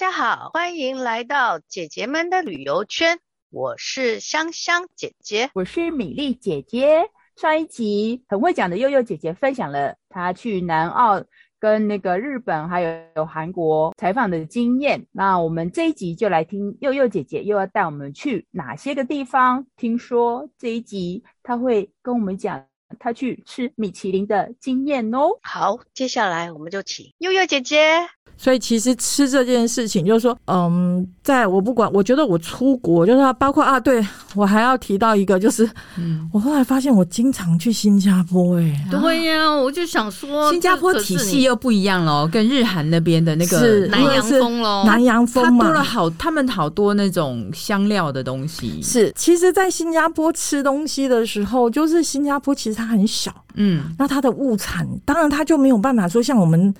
大家好，歡迎來到姐姐們的旅遊圈。我是香香姐姐，我是米粒姐姐。上一集很會講的祐祐姐姐分享了她去南澳、跟那個日本還有韓國採訪的經驗。那我們這一集就來聽祐祐姐姐又要帶我們去哪些個地方？聽說這一集她會跟我們講她去吃米其林的經驗哦。好，接下來我們就請祐祐姐姐。所以其實吃這件事情，就是說，嗯，在我不管，我覺得我出國，就是說，包括啊，對我還要提到一個，就是、嗯，我後來發現我經常去新加坡、欸，哎、啊，對呀、啊，我就想說，新加坡體系又不一樣了，跟日韓那邊的那個是南洋風咯，南洋風嘛，他多了好，他們好多那種香料的東西。是，其實，在新加坡吃東西的時候，就是新加坡其實它很小，嗯，那它的物產，當然它就沒有辦法說像我們。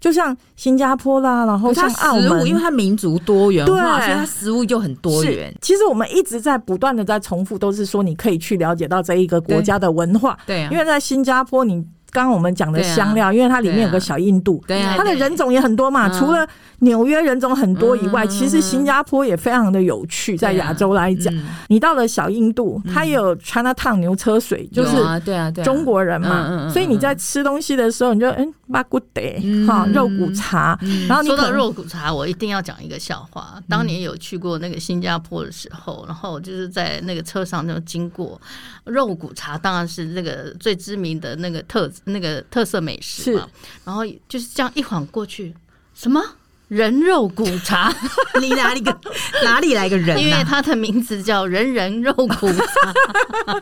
就像新加坡啦，然後像澳門，因為它民族多元化，對，所以它食物就很多元。其實我們一直在不斷的在重複，都是說你可以去了解到這一個國家的文化。對，對啊，因為在新加坡你。剛剛我們講的香料、啊，因為它裡面有個小印度，對啊對啊對啊、它的人種也很多嘛、嗯。除了紐約人種很多以外、嗯，其實新加坡也非常的有趣，啊、在亞洲來講、嗯，你到了小印度，嗯、它也有 China Town 牛車水，就是中國人嘛、啊啊啊。所以你在吃東西的時候，你就嗯，馬骨德好肉骨茶。嗯、然後你說到肉骨茶，我一定要講一個笑話。當年有去過那個新加坡的時候，然後就是在那個車上就經過肉骨茶，當然是那個最知名的那個特。那個特色美食嘛，然後就是這樣一晃過去，什麼？人肉骨茶， 你哪裡個 哪裡來個人，啊？因為它的名字叫“人人肉骨茶”，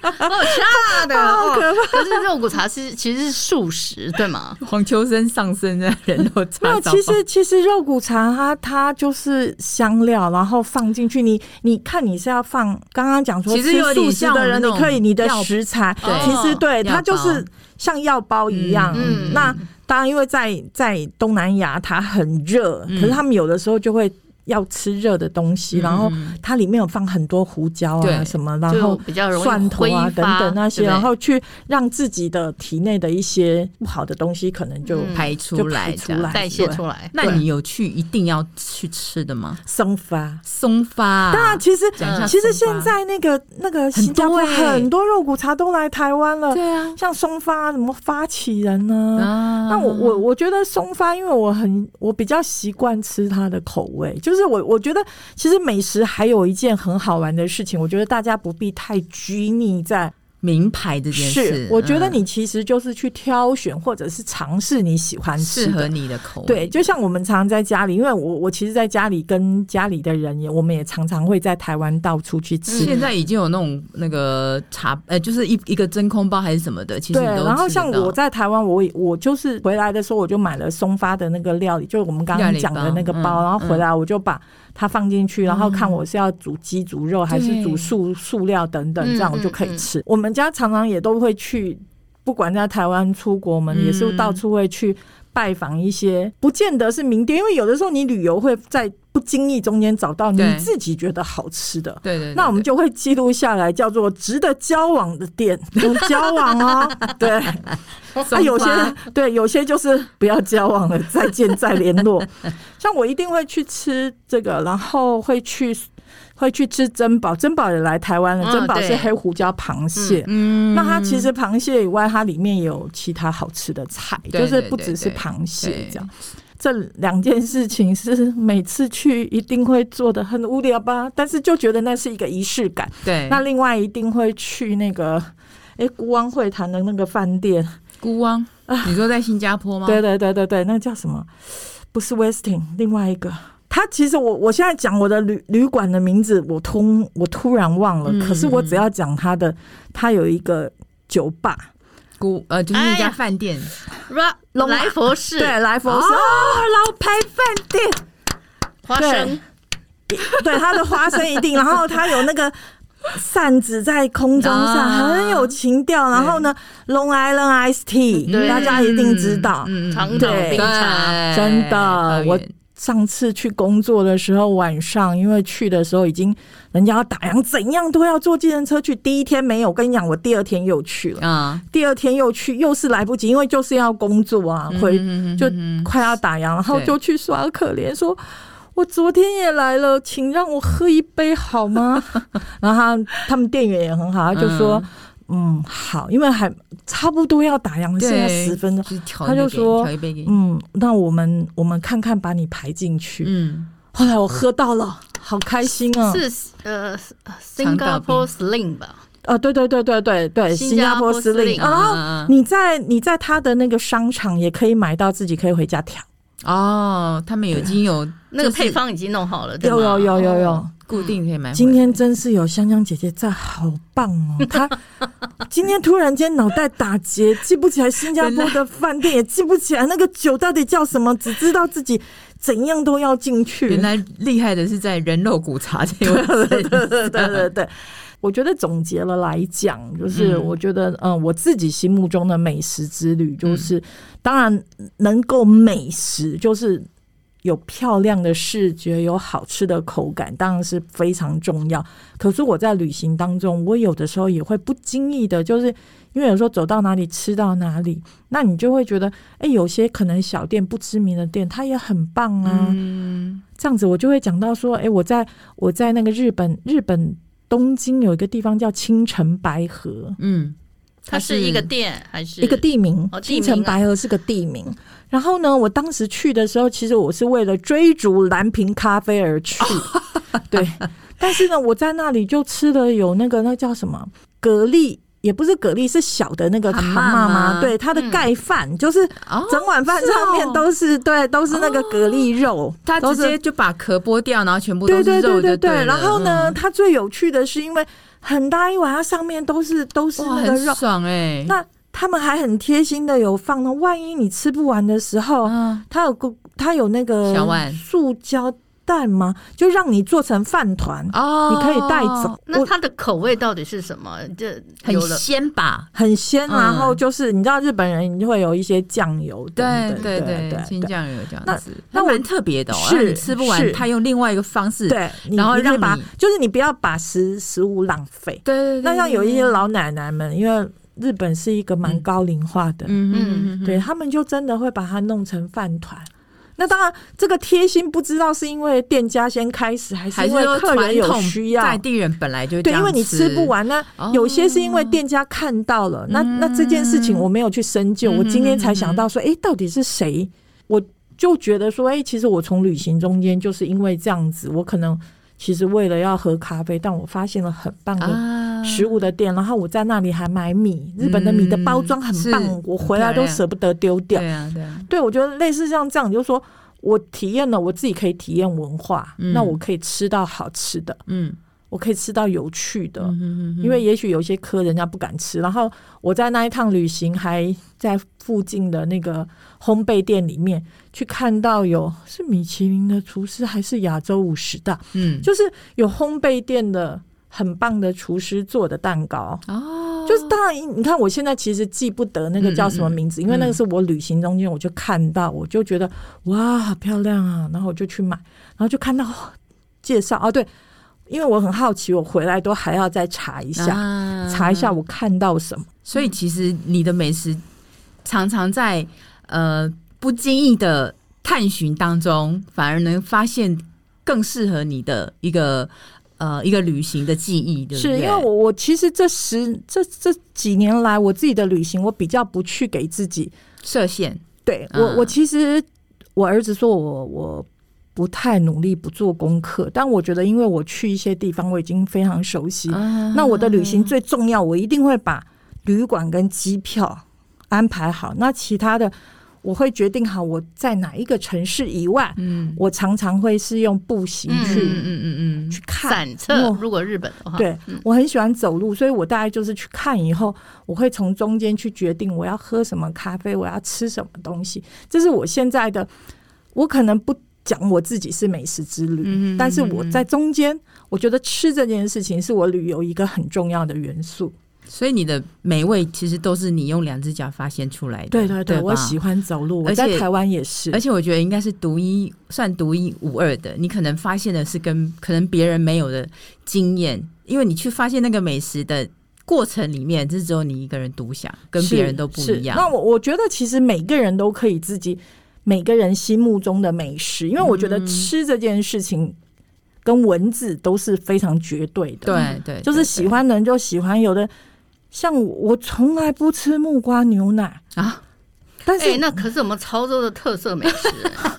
好 嚇、 oh, 的，好、oh, oh, 可怕。可是肉骨茶是其實是素食，對嗎？黃秋生上身的人肉茶。 其實其實肉骨茶它，它它就是香料，然後放進去。你你看你是要放，剛剛講說其實素食的人，你可以你的食材，哦、其實對它就是像藥包一樣。嗯嗯、那當然，因為在在東南亞，它很熱，可是他們有的時候就會。要吃熱的東西，嗯，然後它裡面有放很多胡椒啊什麼，然後比較容易揮發，蒜頭啊等等那些，然後去讓自己的體內的一些不好的東西可能就、嗯、就排出來，代謝出來。那你有去一定要去吃的嗎？松發松發、啊，當然其實其實現在那個那個新加坡很多肉骨茶都來台灣了，對啊，欸，像松發什麼發起人呢？那、啊、我我我覺得松發，因為我很我比較習慣吃它的口味就。就是我，我覺得其實美食還有一件很好玩的事情，我覺得大家不必太拘泥在名牌這件事，我覺得你其實就是去挑選或者是嘗試你喜歡吃的，適合你的口味的。對，就像我們常常在家裡，因為我我其實在家裡跟家裡的人也，我們也常常會在台灣到處去吃，嗯。現在已經有那種那個茶，呃，就是一一個真空包還是什麼的，其實都。對，然後像我在台灣，我我就是回來的時候，我就買了松發的那個料理，就是我們剛剛講的那個包，料理包，嗯，然後回來我就把。嗯他放進去，然後看我是要煮雞、煮肉還是煮素素料等等，這樣我就可以吃。我們家常常也都會去，不管在台灣、出國門，也是到處會去拜訪一些，不見得是名店，因為有的時候你旅遊會在。不經意中間找到你自己覺得好吃的。對對對對，那我們就會記錄下來，叫做值得交往的店。有交往哦？ 對。那、啊、有些對，有些就是不要交往了， 再見再聯絡。像我一定會去吃這個，然後會去會去吃珍寶，珍寶也來台灣了。哦、珍寶是黑胡椒螃蟹，嗯，那它其實螃蟹以外，它裡面有其他好吃的菜。對對對對對，就是不只是螃蟹這樣。對對對對對這兩件事情是每次去一定會做的，很無聊吧？但是就覺得那是一個儀式感。對，那另外一定會去那個哎辜汪會談的那個飯店辜汪，你說在新加坡嗎？啊，對對對對對，那叫什麼？不是 Westin，另外一個，他其實我我現在講我的旅旅館的名字，我通我突然忘了，嗯，可是我只要講他的，他有一個酒吧。呃，就是那家飯店，來、哎、佛士對萊佛士，哦，老牌飯店，花生對，對它的花生一定， 然後它有那個扇子，在空中上，啊、很有情調，然後呢，對 Long Island Iced Tea 大家一定知道長島冰茶，真的我。上次去工作的時候，晚上因為去的時候已經人家要打烊，怎樣都要坐計程車去。第一天沒有，我跟你講，我第二天又去了，uh. 第二天又去，又是來不及，因為就是要工作啊，uh. 回就快要打烊，uh. 然後就去耍可憐，說我昨天也來了，請讓我喝一杯好嗎？ 然後他他們店員也很好，他，uh. 就說。嗯，好，因為還差不多要打烊現在十分鐘，就是，他就說，嗯，那我們我們看看把你排進去。嗯，後來我喝到了，嗯、好開心哦，是呃新加坡 Sling 吧？啊，對對對對對對，新加坡 Sling 啊，你在你在他的那個商場也可以買到，自己可以回家調。哦，他們已經有那個配方已經弄好了，就是、對有有有有、哦、固定可以買。今天真是有祐祐姐姐在，好棒哦！ 她今天突然間腦袋打結， 記不起來新加坡的飯店，也記不起來那個酒到底叫什麼， 只知道自己怎樣都要進去。原來厲害的是在人肉骨茶這。一 對，對對對對對， 我覺得總結了來講，就是我覺得嗯，嗯，我自己心目中的美食之旅就是。嗯當然，能夠美食就是有漂亮的視覺，有好吃的口感，當然是非常重要。可是我在旅行當中，我有的時候也會不經意的，就是因為有時候走到哪裡吃到哪裡，那你就會覺得，哎、欸，有些可能小店不知名的店，它也很棒啊。嗯、這樣子，我就會講到說，哎、欸，我在我在那個日本，日本東京有一個地方叫清澄白河，嗯。它是一個店還是一個地名？清澄白河是個地名。然後呢，我當時去的時候，其實我是為了追逐藍瓶咖啡而去。哦、對， 但是呢，我在那裡就吃了有那個那叫什麼蛤蜊，也不是蛤蜊，是小的那個蛤蟆嘛。對，它的蓋飯、嗯、就是整碗飯上面都是,、哦是哦，對，都是那個蛤蜊肉。哦、它直接就把殼剝掉，然後全部都是對,對對對對對。對然後呢、嗯，它最有趣的是因為。很大一碗，它上面都是都是那個肉，爽哎、欸！那他們還很貼心的有放，萬一你吃不完的時候，啊、它有它有那個塑膠袋。蛋嗎？就讓你做成飯糰，哦，你可以帶走。那它的口味到底是什麼？這很鮮吧，很鮮、嗯、然後就是你知道日本人就會有一些醬油等等，對對對對，對，對，對對對，清醬油這樣子，那蠻特別的，哦。是、啊、是吃不完，他用另外一個方式。對，然後讓你你把就是你不要把食食物浪費。對，對，對，那像有一些老奶奶們，因為日本是一個蠻高齡化的，嗯嗯哼哼哼，對他們就真的會把它弄成飯糰。那當然，這個貼心不知道是因為店家先開始，還是因為客人有需要？是在地人本來就對，因為你吃不完呢。那、哦、有些是因為店家看到了，嗯、那那這件事情我沒有去深究。嗯、我今天才想到說，哎、嗯欸，到底是誰、嗯？我就覺得說，哎、欸，其實我從旅行中間就是因為這樣子，我可能其實為了要喝咖啡，但我發現了很棒的。啊食物的店，然後我在那裡還買米。嗯、日本的米的包裝很棒，我回來都捨不得丟掉。對、啊對，啊、對。對我覺得類似像這樣，就是說我體驗了，我自己可以體驗文化、嗯，那我可以吃到好吃的，嗯，我可以吃到有趣的，嗯嗯。因為也許有些科人家不敢吃，然後我在那一趟旅行還在附近的那個烘焙店裡面去看到有是米其林的廚師還是亞洲五十大，嗯，就是有烘焙店的。很棒的廚師做的蛋糕哦，就是當然，你看我現在其實記不得那個叫什麼名字，嗯、因為那個是我旅行中間我就看到，嗯、我就覺得、嗯、哇，好漂亮啊，然後我就去買，然後就看到、哦、介紹啊、哦，對，因為我很好奇，我回來都還要再查一下、啊，查一下我看到什麼，所以其實你的美食常常在、嗯、呃不經意的探尋當中，反而能發現更適合你的一個。呃，一個旅行的記憶，對、對，是因為我我其實這十這這幾年來，我自己的旅行，我比較不去給自己設限。對、啊、我，我其實我兒子說我我不太努力不做功課，但我覺得因為我去一些地方，我已經非常熟悉、啊。那我的旅行最重要，我一定會把旅館跟機票安排好，那其他的。我會決定好我在哪一個城市以外，嗯、我常常會是用步行去，嗯嗯嗯、嗯去看散策。如果日本的話，對、嗯、我很喜歡走路，所以我大概就是去看以後，我會從中間去決定我要喝什麼咖啡，我要吃什麼東西。這是我現在的，我可能不講我自己是美食之旅，嗯嗯嗯嗯，但是我在中間，我覺得吃這件事情是我旅遊一個很重要的元素。所以你的美味其實都是你用兩隻腳發現出來的。對對對，對我喜歡走路，我在台灣也是。而且我覺得應該是獨一算獨一無二的，你可能發現的是跟可能別人沒有的經驗，因為你去發現那個美食的過程裡面，這只有你一個人獨享，跟別人都不一樣。那我我覺得其實每個人都可以自己每個人心目中的美食，因為我覺得吃這件事情跟文字都是非常絕對的。嗯，對對，就是喜歡的人就喜歡，有的。像我，我從來不吃木瓜牛奶啊，但是、欸、那可是我們潮州的特色美食、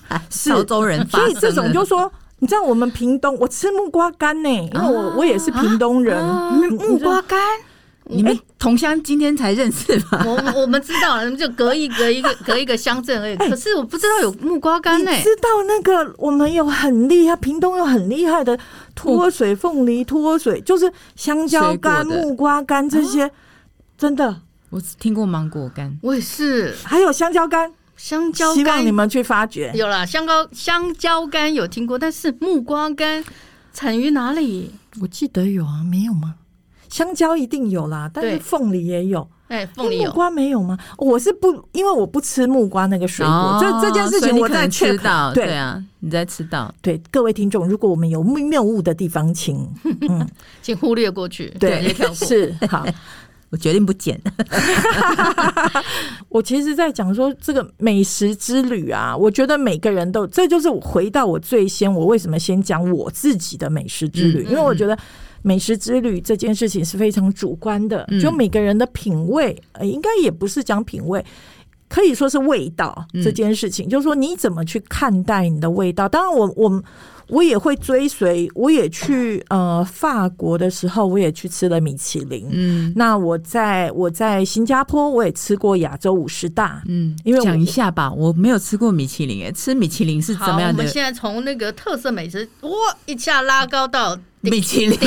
欸 是，潮州人。所以這種就是說， 你知道我們屏東，我吃木瓜乾呢、欸，因為我、啊、我也是屏東人。啊、木瓜乾、欸，你們同鄉今天才認識吧，我我們知道了，你們就隔一隔一個隔一個鄉鎮而已、欸。可是我不知道有木瓜乾呢、欸，知道那個我們有很厲害，屏東有很厲害的脫水鳳、嗯、梨水，脫水就是香蕉乾、木瓜乾這些。啊真的，我只聽過芒果乾，我也是。還有香蕉乾，香蕉乾，希望你們去發掘。有啦，香蕉香蕉乾有聽過，但是木瓜乾產於哪裡？我記得有啊，沒有嗎？香蕉一定有啦，但是鳳梨也有。哎、欸，鳳梨有木瓜沒有嗎？我是不，因為我不吃木瓜那個水果，這、哦、這件事情我在吃到。對啊，你在吃到。對各位聽眾，如果我們有謬誤的地方，請、嗯、 請忽略過去。對，對跳過是好。 我決定不剪。 我其實，在講說這個美食之旅啊，我覺得每個人都，這就是我回到我最先，我為什麼先講我自己的美食之旅，嗯，因為我覺得美食之旅這件事情是非常主觀的，嗯，就每個人的品味，呃，應該也不是講品味。可以說是味道、嗯、這件事情，就是說你怎麼去看待你的味道。當然我，我我我也會追隨，我也去呃法國的時候，我也去吃了米其林。嗯，那我在我在新加坡，我也吃過亞洲五十大。嗯，因為我講一下吧，我沒有吃過米其林誒、欸，吃米其林是怎麼樣的？我們現在從那個特色美食，哇，一下拉高到。米其林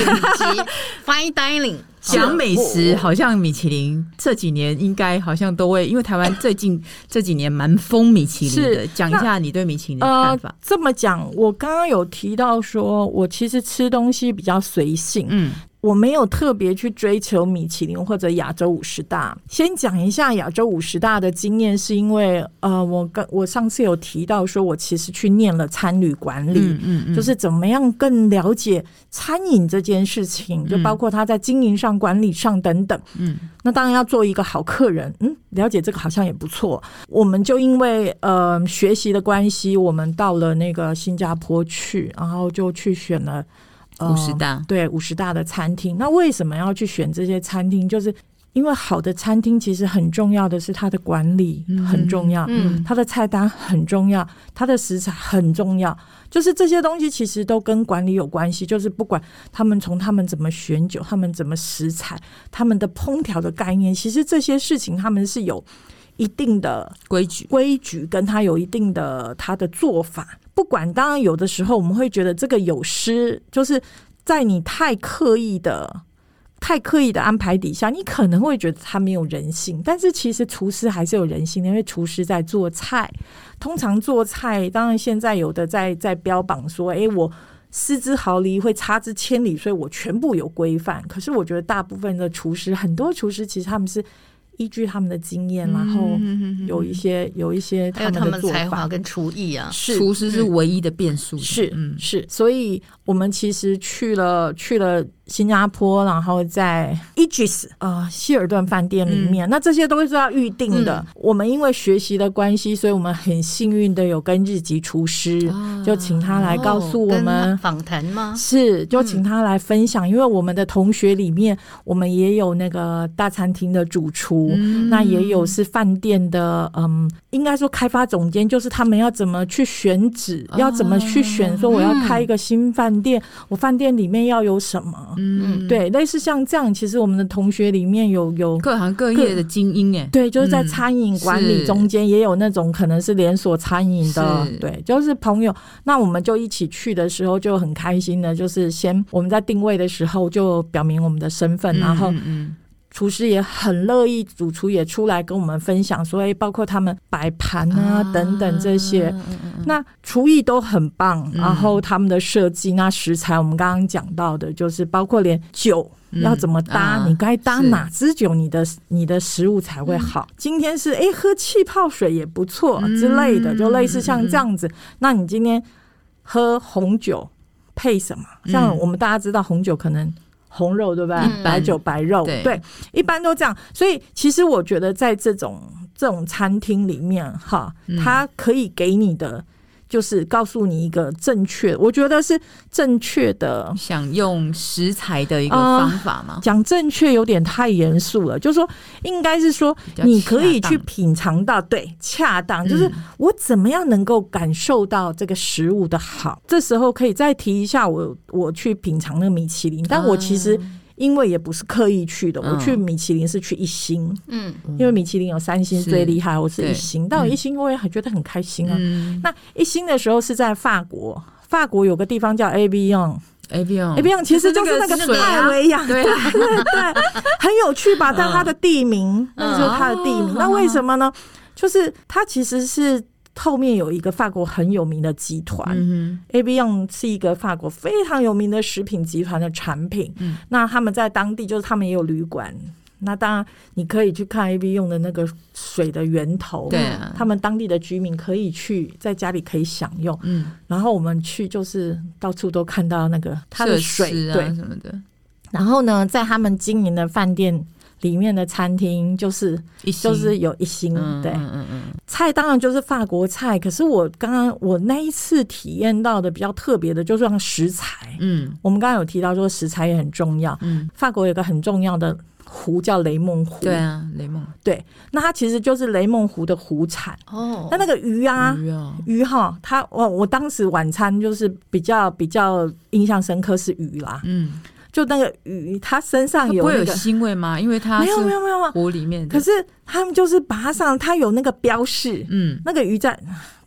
，Fine Dining，講美食好像米其林這幾年應該好像都會，因為台灣最近這幾年蠻瘋米其林的。講一下你對米其林的看法、呃。這麼講，我剛剛有提到說，我其實吃東西比較隨性。嗯。我沒有特別去追求米其林或者亞洲五十大。先講一下亞洲五十大的經驗，是因為呃，我跟我上次有提到，說我其實去念了餐旅管理，嗯，嗯嗯，就是怎麼樣更了解餐飲這件事情，就包括他在經營上、嗯、管理上等等。嗯，那當然要做一個好客人，嗯，了解這個好像也不錯。我們就因為呃學習的關係，我們到了那個新加坡去，然後就去選了。哦、五十大對，五十大的餐廳，那為什麼要去選這些餐廳？就是因為好的餐廳其實很重要的是它的管理很重要，嗯，它的菜單很重要，它的食材很重要，嗯、就是這些東西其實都跟管理有關係。就是不管他們，從他們怎麼選酒，他們怎麼食材，他們的烹調的概念，其實這些事情他們是有一定的規矩，規矩跟他有一定的他的做法。不管，當然有的時候我們會覺得這個有失，就是在你太刻意的、太刻意的安排底下，你可能會覺得他沒有人性。但是其實廚師還是有人性的，因為廚師在做菜，通常做菜。當然現在有的在在標榜說，哎、欸，我失之毫釐會差之千里，所以我全部有規範。可是我覺得大部分的廚師，很多廚師其實他們是。依據他們的經驗，嗯、然後有一些、嗯、有一些，還有他們的才華跟廚藝啊，廚師是唯一的變數，是、是、是、是、嗯、是，所以我們其實去了去了。新加坡，然後在伊吉斯啊希爾頓飯店裡面、嗯，那這些都是要預定的、嗯。我們因為學習的關係，所以我們很幸運的有跟日籍廚師、嗯，就請他來告訴我們訪談、哦、嗎？是，就請他來分享、嗯。因為我們的同學裡面，我們也有那個大餐廳的主廚、嗯，那也有是飯店的，嗯，應該說開發總監，就是他們要怎麼去選址，哦、要怎麼去選，說我要開一個新飯店，嗯、我飯店裡面要有什麼。嗯，對，類似像這樣，其實我們的同學裡面有有各行各業的精英哎，對，就是在餐飲管理中間也有那種可能是連鎖餐飲的，對，就是朋友，那我們就一起去的時候就很開心呢，就是先我們在定位的時候就表明我們的身份，嗯，然後嗯。廚師也很樂意，主廚也出來跟我們分享，所以包括他們擺盤啊等等這些，啊、那廚藝都很棒、嗯。然後他們的設計，那食材我們剛剛講到的，就是包括連酒要怎麼搭，嗯啊、你該搭哪支酒，你的你的食物才會好。嗯、今天是誒、哎，喝氣泡水也不錯、啊、之類的，就類似像這樣子。嗯、那你今天喝紅酒配什麼、嗯？像我們大家知道紅酒可能。紅肉對吧？嗯，白酒，白肉。對，對，一般都這樣。所以其實我覺得，在這種這種餐廳裡面，哈，嗯，它可以給你的。就是告訴你一個正確，我覺得是正確的，想用食材的一個方法嗎？講、呃、正確有點太嚴肅了、嗯，就是說，應該是說，你可以去品嘗到，對，恰當就是我怎麼樣能夠感受到這個食物的好、嗯。這時候可以再提一下我，我去品嘗那個米其林，嗯、但我其實。因為也不是刻意去的、嗯，我去米其林是去一星，嗯，因為米其林有三星最厲害，我是一星，但我一星我也很、嗯、很覺得很開心啊、嗯。那一星的時候是在法國，法國有個地方叫 Avion，Avion，Avion Avion, Avion 其實就是那個泰維亞對對對， 很有趣吧？但它的地名、嗯、那就是它的地名，哦、那為什麼呢、啊？就是它其實是。後面有一個法國很有名的集團，Evian 是一個法國非常有名的食品集團的產品、嗯。那他們在當地就是他們也有旅館，那當然你可以去看 Evian 的那個水的源頭，對、啊，他們當地的居民可以去在家裡可以享用。嗯，然後我們去就是到處都看到那個它的水、啊、對什麼的，然後呢，在他們經營的飯店。裡面的餐廳就是一就是有一星，嗯、對、嗯嗯，菜當然就是法國菜，可是我剛剛我那一次體驗到的比較特別的，就是像食材，嗯，我們剛剛有提到說食材也很重要，嗯，法國有個很重要的湖叫雷蒙湖、嗯，對啊，雷蒙，對，那它其實就是雷蒙湖的湖產，哦，那那個魚啊，魚啊，魚哈，它我我當時晚餐就是比較比較印象深刻是魚啦、啊，嗯。就那個魚，它身上有，那個，不會有腥味嗎？因為它是沒有沒有沒有湖裡面的。可是他們就是拔上，它有那個標示，嗯，那個魚在，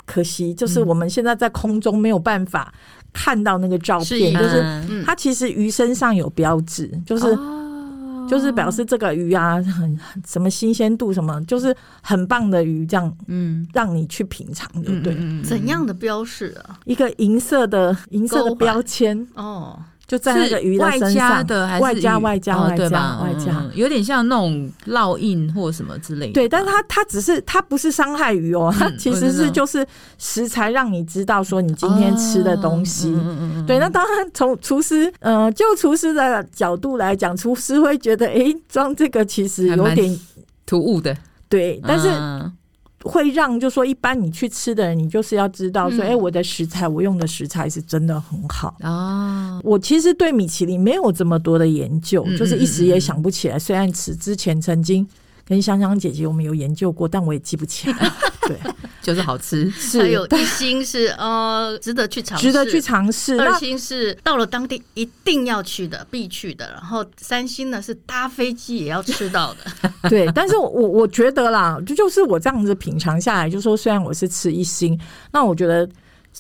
可惜就是我們現在在空中沒有辦法看到那個照片，嗯、就是它其實魚身上有標誌，就是、嗯、就是表示這個魚啊，很什麼新鮮度，什麼就是很棒的魚，這樣嗯，讓你去品嘗，對對？怎樣的標示啊？一個銀色的銀色的標籤哦。就在那個魚的身上，是外加的還是外加外加外加，哦，對吧？外加，嗯、有點像那種烙印，或什麼之類的。對，但是它它只是它不是傷害魚哦，嗯，它其實是就是食材，讓你知道說你今天吃的東西。嗯嗯嗯，對，那當然從廚師呃，就廚師的角度來講，廚師會覺得誒，裝，欸、這個其實有點突兀的。對，但是。嗯會讓就說一般你去吃的，人，你就是要知道說，哎、嗯欸，我的食材，我用的食材是真的很好啊、哦。我其實對米其林沒有這麼多的研究，嗯嗯嗯，就是一時也想不起來。雖然此之前曾經跟香香姐姐，姐我們有研究過、嗯，但我也記不起來了。 對。就是好吃，還有一星是呃值得去嘗，值得去嘗試；二星是到了當地一定要去的，必去的。然後三星呢是搭飛機也要吃到的 對，但是我我覺得啦，這就是我這樣子品嘗下來，就是說雖然我是吃一星，那我覺得。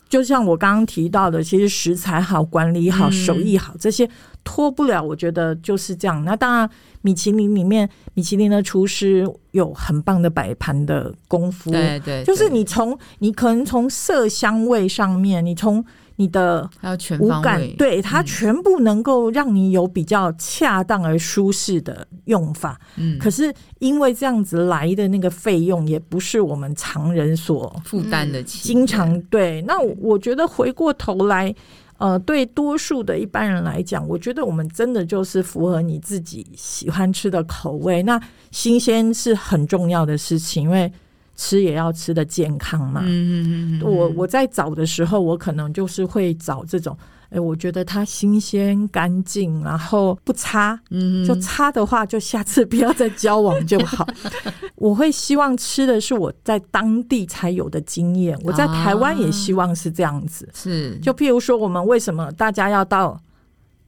就像我剛剛提到的，其實食材好、管理好、手藝好，嗯、這些脫不了。我覺得就是這樣。那當然，米其林裡面，米其林的廚師有很棒的擺盤的功夫。對對，對，就是你從你可能從色香味上面，你從。你的五感，它有全方位，對，它全部能夠讓你有比較恰當而舒適的用法。嗯，可是因為這樣子來的那個費用，也不是我們常人所負擔得起。經常。對，那我覺得回過頭來，呃，對多數的一般人來講，我覺得我們真的就是符合你自己喜歡吃的口味。那新鮮是很重要的事情，因為。吃也要吃的健康嘛。嗯，我我在找的時候，我可能就是會找這種，哎，我覺得它新鮮乾淨，然後不差。嗯。就差的話，就下次不要再交往就好。 我會希望吃的是我在當地才有的經驗。我在台灣也希望是這樣子。啊，是。就譬如說，我們為什麼大家要到？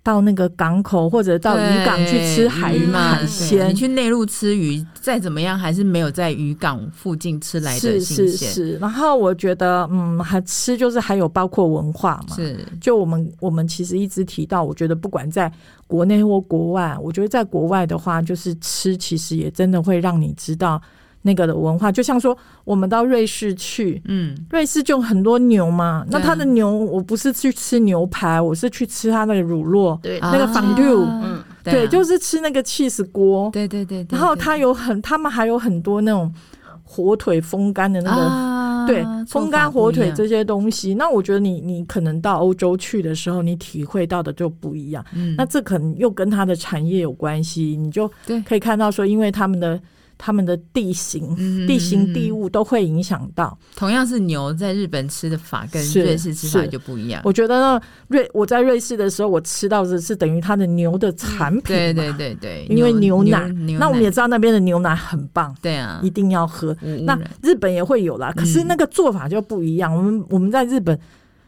到那個港口或者到漁港去吃海魚、嗯、海鮮，啊、你去內陸吃魚，再怎麼樣還是沒有在漁港附近吃來的新鮮。是是是，然後我覺得，嗯，還吃就是還有包括文化嘛，是就我們我們其實一直提到，我覺得不管在國內或國外，我覺得在國外的話，就是吃其實也真的會讓你知道。那個的文化，就像說我們到瑞士去，嗯，瑞士就很多牛嘛，啊。那它的牛，我不是去吃牛排，我是去吃它的乳酪，對，那個 fondue、啊、嗯對、啊，對，就是吃那個 cheese 鍋，對對，對對對。然後它有很，他們還有很多那種火腿風乾的那個，啊、對，風乾火腿這些東西。啊、那我覺得你你可能到歐洲去的時候，你體會到的就不一樣。嗯，那這可能又跟它的產業有關係，你就可以看到說，因為他們的。他們的地形、地形地物都會影響到、嗯嗯。同樣是牛，在日本吃的法跟瑞士吃法就不一樣。我覺得瑞我在瑞士的時候，我吃到的是等於它的牛的產品、嗯。對對對對，因為牛，牛，牛，奶牛，牛奶，那我們也知道那邊的牛奶很棒。對啊，一定要喝。那日本也會有啦，可是那個做法就不一樣。嗯、我們我們在日本，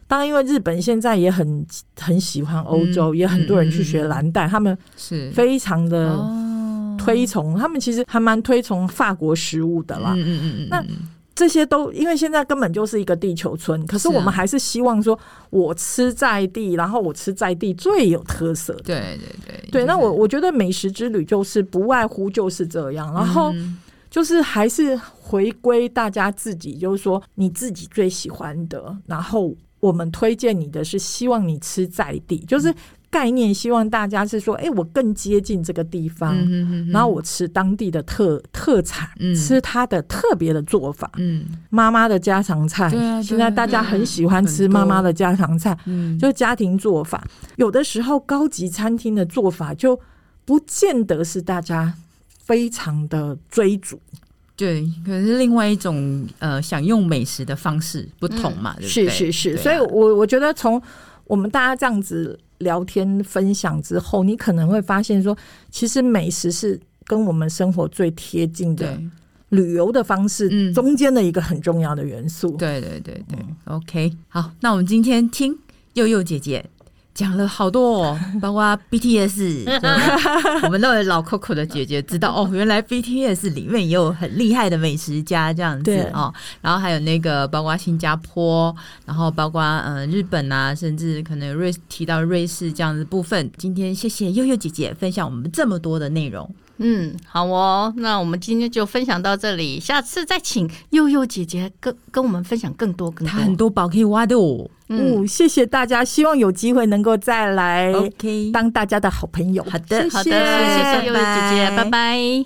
當然因為日本現在也很很喜歡歐洲、嗯，也很多人去學藍帶、嗯嗯，他們是非常的。推崇他們其實還蠻推崇法國食物的啦。嗯嗯嗯。那這些都因為現在根本就是一個地球村，可是我們還是希望說，我吃在地，是啊，然後我吃在地最有特色的。對對對對。那我我覺得美食之旅就是不外乎就是這樣，然後就是還是回歸大家自己，就是說你自己最喜歡的，然後我們推薦你的是希望你吃在地，就是。概念希望大家是說，哎、欸，我更接近這個地方，嗯嗯、然後我吃當地的特特產、嗯，吃它的特別的做法，嗯，媽媽的家常菜。嗯、現在大家很喜歡吃媽媽的家常菜，嗯，就是家庭做法。嗯、有的時候，高級餐廳的做法就不見得是大家非常的追逐。對，可是另外一種呃，享用美食的方式不同嘛，嗯、對對是是是。所以我我覺得從我們大家這樣子。聊天分享之後，你可能會發現說，其實美食是跟我們生活最貼近的，對，旅遊的方式，嗯，中間的一個很重要的元素。對對對對，嗯，OK。好，那我們今天聽祐祐姐姐。講了好多、哦，包括 BTS， 我們那位老 Coco 的姐姐知道 哦，原來 BTS 裡面也有很厲害的美食家這樣子哦，然後還有那個包括新加坡，然後包括嗯、呃、日本啊，甚至可能瑞提到瑞士這樣子部分。今天謝謝祐祐姐姐分享我們這麼多的內容。嗯，好哦，那我們今天就分享到這裡，下次再請祐祐姐姐跟跟我們分享更多更多，她很多寶可以挖的哦。嗯哦，謝謝大家，希望有機會能夠再來，OK，當大家的好朋友。Okay. 好的謝謝，好的，謝謝祐祐姐姐，拜拜。拜拜